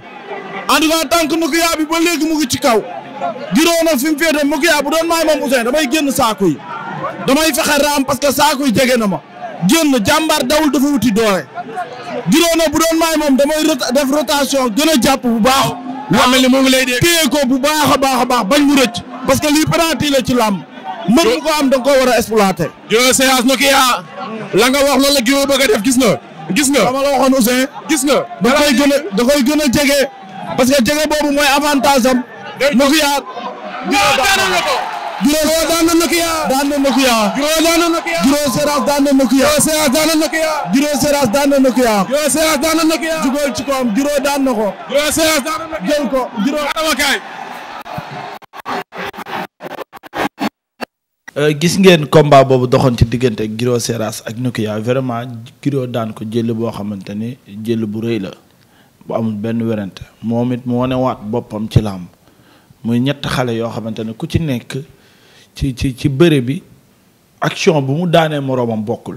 en tout cas tànk Nokia bi ba léegi mu gi ci kaw. giroo na fi mu féete Nokia bu doon maay moom Ousseyn damay génn saako yi damay fexe raam parce que saako yi jege na ma génn jàmbaar dawul dafa wuti doole. giroo na bu doon maay moom damay def rotation gën jàpp bu baax. waaw mel ni mu ngi lay dégg téye ko bu baax a baax a baax bañ mu rëcc. parce que lii penalty la ci làmb. mbër bu ko am da nga koo war a exploiter. jël séance Nokia. la nga wax loolu la Guiro bëgg a def gis nga. gis nga dama la waxoon Ousseyn. gis nga da koy gën a da koy gën a jege. parce que jege boobu mooy avantage am. Nokia. Guiro daan na ko. Guiro daan na Nokia. daan na Nokia. Guiro daan na Nokia. Guiro séance daan na Nokia. Guiro séance daan na Nokia. Guiro séance daan na Nokia. Guiro séance daan na Nokia. jugóol ci koom Guiro daan na ko. Guiro séance daan na Nokia. jël ko Guiro. Euh, gis ngeen combat boobu doxoon ci diggante Giro Seras ak Nokia vraiment Giro daan ko jël boo xamante ni jël bu rëy la bu amul benn werante moom it mu wanewaat boppam ci làmb muy ñett xale yoo xamante ne ku ci nekk ci ci ci bëre bi action bu mu daanee moroomam bokkul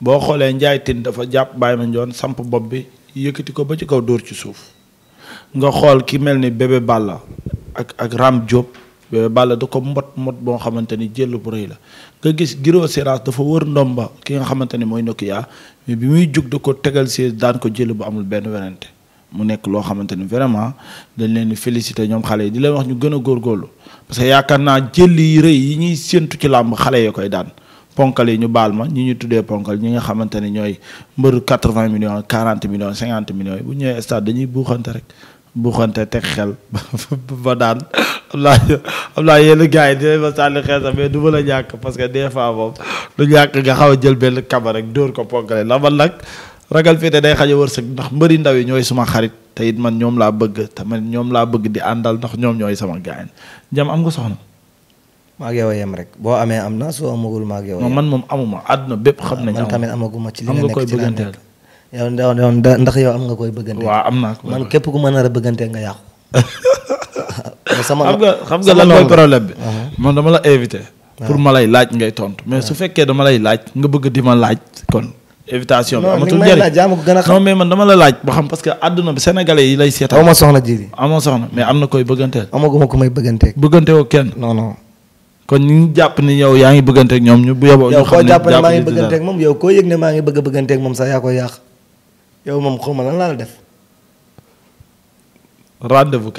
boo xoolee Njaay Tine dafa jàpp baay ma Mandione samp bopp bi yëkkati ko ba ci kaw dóor ci suuf nga xool ki mel ni Bébé Balla ak ak Ram Diop. Euh, Balla da ko mbot mbot boo xamante ni jël bu rëy la nga gis Giro Seras dafa wër ba ki nga xamante ni mooy Nokia mais bi muy jug du ko tegal si daan ko jël bu amul benn werante mu nekk loo xamante ni vraiment dañ leen di ñoom xale yi di leen wax ñu gën a góorgóorlu parce que yaakaar naa jël yi rëy yi ñuy séentu ci làmb xale ya koy daan ponkal yi ñu baal ma ñi ñu tuddee ponkal ñi nga xamante ne ñooy mbër 80 millions 40 millions 50 millions bu ñëwee stade dañuy buuxante rek buuxante teg xel <laughs> am naa am naa yenn yi dinañ ma sànni xeer sax mais du ma la ñàkk parce que des fois moom du ñàkk nga xaw a jël benn kaba rek dóor ko ponkale la man nag ragal fii te day xaja wërsëg ndax mbëri ndaw yi ñooy suma xarit te it man ñoom laa bëgg te man ñoom laa bëgg di àndal ndax ñoom ñooy sama gaañ jam am nga soxna. maa ngi yow yem rek boo amee am na soo amagul maa ngi man moom amuma àdduna bépp xam nañu man tamit amaguma ci li nga nekk ci la ndax yow am nga koy bëgganteel. waaw am naa ko man képp ku mën a bëgganteel nga yàqu <laughs> xam nga xam nga la mooy problème bi. Uh-huh. man dama la invité. Uh-huh. pour ma lay laaj ngay tontu mais su uh-huh. fekkee dama lay laaj nga bëgg di ma laaj kon. invitation bi amatul njëriñ non mais man dama la laaj ba xam parce que àdduna bi sénégalais yi lay seetaan. aw ma soxna mais am na koy bëgganteel. amaguma ko may bëgganteeg. bëggantewoo kenn. non non. kon ñu ngi jàpp ni yow yaa ngi bëgganteek ñoom ñu. bu yeboo ñu xam ne jàpp ne maa ngi bëgganteeg moom yow koo yëg ne maa ngi bëgg bëgganteeg moom sax yaa koy yàq yow moom xaw ma lan laa la def. rendez-vous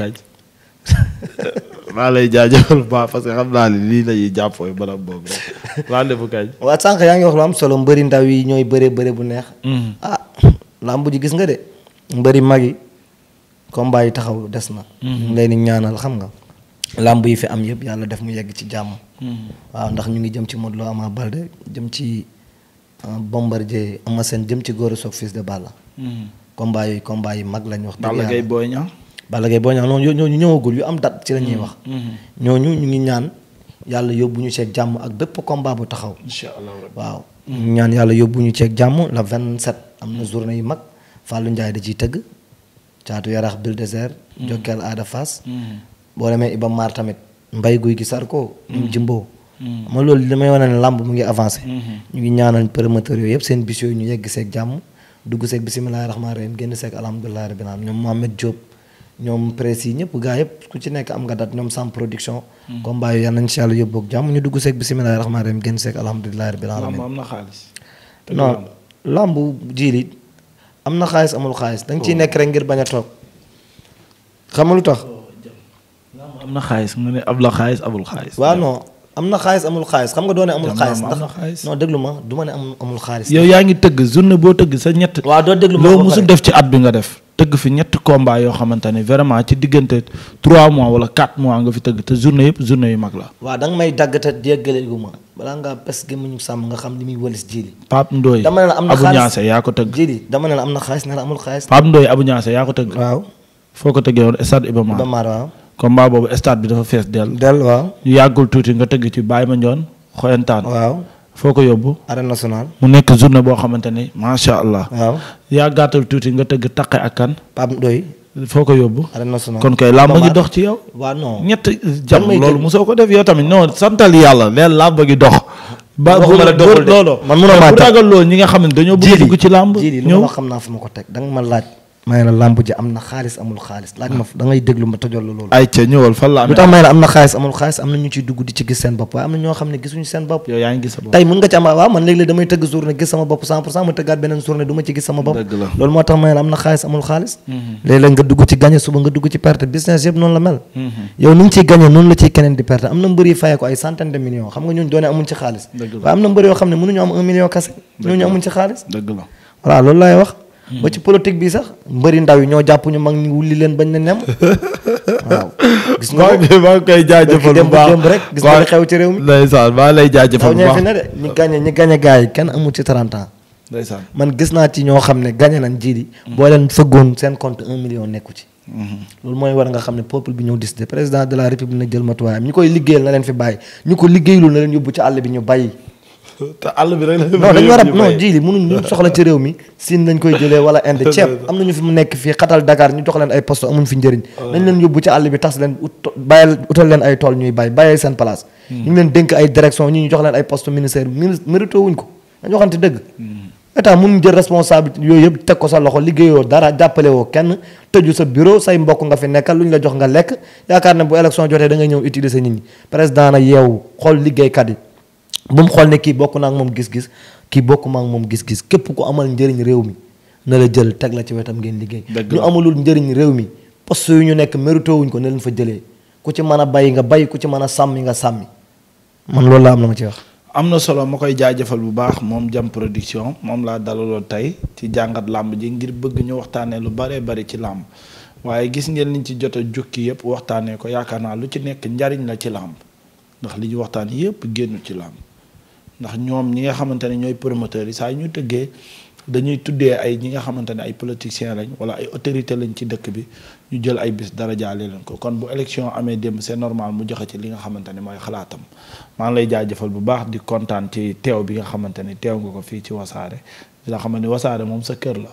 <laughs> maa lay jaajëfal bu baax parce que xam naa ne lii la ñuy jàpp fooy barab boobu rek waa sànq yaa ngi wax lu am solo mbëri ndaw yi ñooy bëree bëri bu neex. Mm. ah làmb ji gis nga de. mbëri mag yi combat yi taxaw des na. Mm-hmm. ñu xam nga. làmb yi fi am yëpp yàlla def mu yegg ci jàmm. Mm-hmm. ndax ñu ngi jëm ci Modou Lo Ama Baldé jëm ci ah, Bombardier Ama Sène jëm ci Gora Sock fils de Balla. Mm-hmm. combat yooyu combat yi mag lañ wax. dëgg yàlla Balla Gaye Balla Gaye Boy Niang noonu ñooñu ñëwagul yu am dat ci la ñuy mm-hmm. wax. Mm-hmm. ñooñu ñu ngi ñaan yàlla yóbbu ñu ceeg jàmm ak bépp combat bu taxaw. incha allah waaw. Mm-hmm. ñu ñaan yàlla yóbbu ñu ceeg jàmm la 27 am na journée yu mag Fallou Ndiaye da ciy tëgg caatu yarax bil désert. Jokkel aada Fass. boo demee Iba Mar tamit mbay guy gi sar ko. ñu jëmboo. ma loolu damay wane ne làmb mu ngi avancé. ñu ngi ñaanal promoteur yooyu yëpp seen bis ñu yegg seeg jàmm dugg seeg bisimilah rahmaani rahiim génn ñoom presse yi ñëpp gaa yëpp ku ci nekk am nga dat ñoom sans production. combat yi yal nañ ci yàlla yóbbu ak jàmm ñu dugg seeg bisimilah rahmaani rahiim génn seeg alhamdulilah rabbil alamin am na xaalis. non lamb jiili am na xaalis amul xaalis. da ciy oh. nekk rek ngir bañ a toog. xam nga lu oh, am na xaalis mu ne am xaalis amul xaalis. waaw non am na xaalis amul xaalis xam nga doone amul xaalis. ndax non déglu ma du ma ne amul xaalis. yow yaa ngi tëgg journée boo tëgg sa ñett. waa doo déglu ma loo musul def ci at bi nga def tëgg fi ñetti combat yoo xamante ne vraiment ci diggante trois mois wala quatre mois nga fi tëgg te journée yëpp journée yu mag la. waa da nga may dagg te jéggale gu ma balaa ngaa pes gi mu sàmm nga xam li muy wëlis jili. Pape Ndoye dama ne la na xaalis Abou Niasse yaa ko tëgg. jili dama ne la am na xaalis ne la amul xaalis. Pape Ndoye Abou Niasse yaa ko tëgg. waaw foo ko tëggee woon stade Iba Mar. Iba Mar waaw. combat boobu stade bi dafa fees del. del waaw. yàggul tuuti foo ko yóbbu. arène nationale. mu nekk na boo xamante ni macha allah. waaw yaa gàttal tuuti nga tëgg taqe ak kan. Pape Ndoye. foo ko yóbbu. arène nationale kon kay làmb gi dox ci yow. waaw non ñett jàmm loolu mosoo ko def yow tamit non santal yàlla leen làmb gi dox. ba bu la doxul de man mun a maa bu ragal ñi nga xam ne dañoo bëgg dugg ci làmb. ñëw xam naa fu ma ko teg danga ma laaj. ma ne la am na xaalis amul xaalis laaj ma da ngay déglu ma tojol la loolu lu tax ma ne am na xaalis amul xaalis am na ñu ciy dugg di ci gis seen bopp waaye am na ñoo xam amul ci xaalis waaye am na mbër yoo xam ne mënuñu am un million kase ñooñu amuñ ci xaalis dëgg loolu laay wax ba ci politique bi sax mbëri ndaw yi ñoo jàpp ñu mag ñu wulli leen bañ na nem waaw. gis nga maa ngi koy jaajëfal bu baax démb rek nga li xew ci réew mi. ndeysaan maa lay jaajëfal bu baax fi ne de ñi gagné ñi gagné gars yi kenn amul ci 30 ans. man gis naa ci ñoo xam ne gagné nañ ji di. boo leen fëggoon seen compte un million nekku ci. Mhm. loolu mooy war nga xam ne peuple bi ñëw décidé président de la république na jël matuwaayam ñu koy liggéeyal na leen fi bàyyi ñu ko liggéeylu na leen yóbbu ci àll bi ñu bàyyi te àll bi rek non dañu war a <laughs> non ji li mënuñ soxla ci réew mi siin lañ koy jëlee wala inde <laughs> ceeb am nañu fi mu nekk fii xatal Dakar ñu jox leen ay post amuñ fi njëriñ nañ leen yóbbu ci àll bi tas leen ut bàyyil utal leen ay tool ñuy bàyyi bàyyil seen place hmm. ñu leen dénk ay direction ñu ñu jox leen ay poste ministère mérité wuñ ko dañu waxante dëgg hmm. état mun jël responsabilité yooyu yëpp teg ko sa loxo liggéeyoo dara jàppale woo kenn tëju sa bureau say mbokk nga fi nekkal lu ñu la jox nga lekk yaakaar ne bu élection jotee da ngay ñëw utiliser nit ñi président na yeewu xool liggéeykat yi bu mu xool ne kii bokk naa ak moom gis-gis kii bokk ak moom gis-gis képp ku amal njëriñ réew mi na la jël teg la ci wetam ngeen liggéey. ñu amalul njëriñ réew mi poste yu ñu nekk mérito wuñ ko ne leen fa jëlee ku ci mën a bàyyi nga bàyyi ku ci mën a sàmmi nga sàmmi man loolu la am na ma ci wax. am na solo ma koy jaajëfal bu baax moom jam production moom laa dalaloon tey ci jàngat làmb ji ngir bëgg ñu waxtaanee lu baree bari ci làmb waaye gis ngeen liñ ci jot a jukki yëpp waxtaanee ko yaakaar naa lu ci nekk njariñ la ci làmb ndax li ñu waxtaan yëpp génnu ci làmb ndax ñoom ñi nga xamante ne ñooy promoteurs yi saa ñu tëggee dañuy tuddee ay ñi nga xamante ne ay politiciens lañ wala ay autorité lañ ci dëkk bi ñu jël ay bis dara jaale leen ko kon bu élection amee démb c'est normal mu joxe ci li nga xamante ne mooy xalaatam maa ngi lay jaajëfal bu baax di kontaan ci teew bi nga xamante ni teew nga ko fii ci wasaare di la xamante ni wasaare moom sa kër la.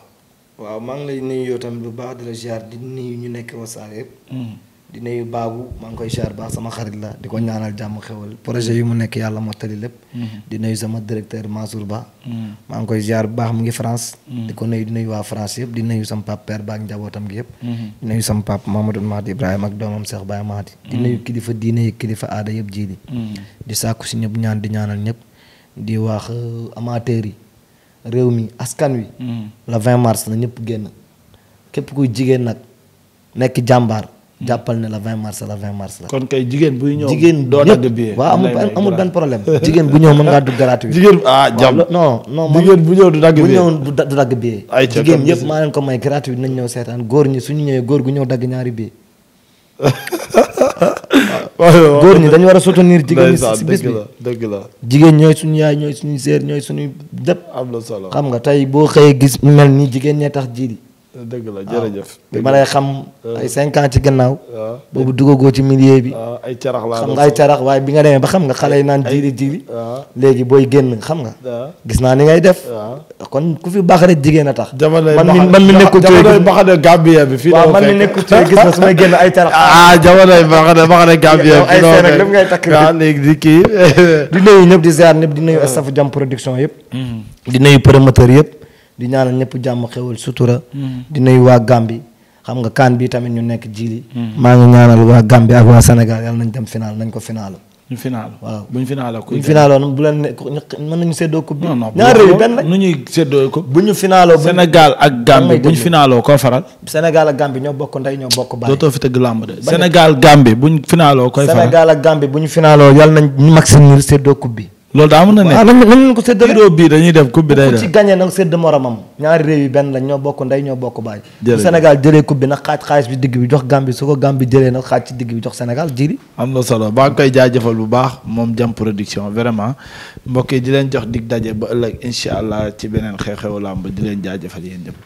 waaw maa ngi lay nuyu yow tamit bu baax di la ziar di nuyu ñu nekk wasaare yëpp. Mm. di nuyu baabu maa ngi koy siyaar baax sama xarit la di ko ñaanal jàmm xewal projet yi mu nekk yàlla moo mottali lépp. Mhm. di nuyu sama directeur Mansour Ba. Mhm. maa ngi koy siyaar bu baax mu ngi France. Mhm. di ko nuyu di nuyu waa France yëpp di nuyu sama pap père Ba ak njabootam gi yëpp. di nuyu sama pap Mamadou Mahdi Ibrahima ak doomam Cheikh Baye Mahdi. di nuyu kilifa diine yi kilifa aada yëpp jiili. di sàkku si ñëpp ñaan di ñaanal ñëpp. di wax euh, amateurs yi réew mi askan wi. le 20 mars na ñëpp génn képp kuy jigéen nag nekk jàmbaar. jàppal ne la 20 mars la 20 mars la. kon kay jigéen buy ñëw. jigéen doo dagg billet waaw amul amul benn problème. <laughs> jigéen bu ñëw mën ngaa dugg gratuit. jigéen ah jàmm bu ñëw du dagg bu ñëw du dagg billet. ay jigéen maa leen ko may gratuit nañ ñëw seetaan góor ñi suñu ñëwee góor ñëw dagg ñaari billet. <laughs> góor war a soutenir jigéen ñi si bis bi dëgg la jigéen ñooy suñu yaay ñooy seer ñooy suñu dëpp. am solo xam nga tey boo xëyee gis mel ni jigéen ñee tax jiidi dëgg la jërëjëf. bi ma lay xam euh. ay cinq ans ci gannaaw. boobu duggagoo ci milieu bi. Ah, ay carax laa xam nga ay carax waaye bi nga demee ba xam nga xale yi naan jiili jiili. Ah. léegi booy génn xam nga. Ah. gis naa ni ngay def. kon ku fi baax rek jigéen a tax. jamonoy man mi man mi nekkul ci jamonoy baxane Gambia bi fii waaw man mi nekkul ci gis na su may génn ay carax. <laughs> ah jamonoy baxane baxane Gambia bi. yow ay seen ak lépp ngay di kii. <laughs> di nuyu ñëpp di ziar ñëpp di nuyu staff Jam Production yëpp. Hmm. di ñaanal ñëpp jàmm xewal sutura. Mm. di nuyu waa gàmbi xam nga kaan bii tamit ñu nekk jiili. Mm. maa ngi ñaanal waa Gambie ak waa Sénégal yàlla nañ dem final nañ ko final. ñu final waaw buñ final ak. bu mën nañu séddoo coupe bi. ñaar réew benn séddoo coupe. bu ñu finaloo Sénégal ak Gambie buñ finaloo koo faral. Sénégal ak Gambie ñoo bokk ndey ñoo bokk baay. dootoo fi tëgg làmb de Sénégal buñ finaloo koy faral. Sénégal ak Gambie bu ñu finaloo yàlla nañ ñu maximum seddoo coupe bi. loolu daa mën a nekk nañ nañ ko sédd vidéo bii dañuy def coupe bi day def ku ci gagné nag sédd moromam ñaari réew yi benn lañ ñoo bokk ndey ñoo bokk baay bu Sénégal jëlee coupe bi nag xaaj xaalis bi digg bi jox Gambie su ko Gambie jëlee nag xaaj ci digg bi jox Sénégal jiri am na solo baa ngi koy jaajëfal bu baax moom jam production vraiment mbokk yi di leen jox dig daje ba ëllëg incha allah ci beneen xew-xewu làmb di leen jaajëfal yéen ñëpp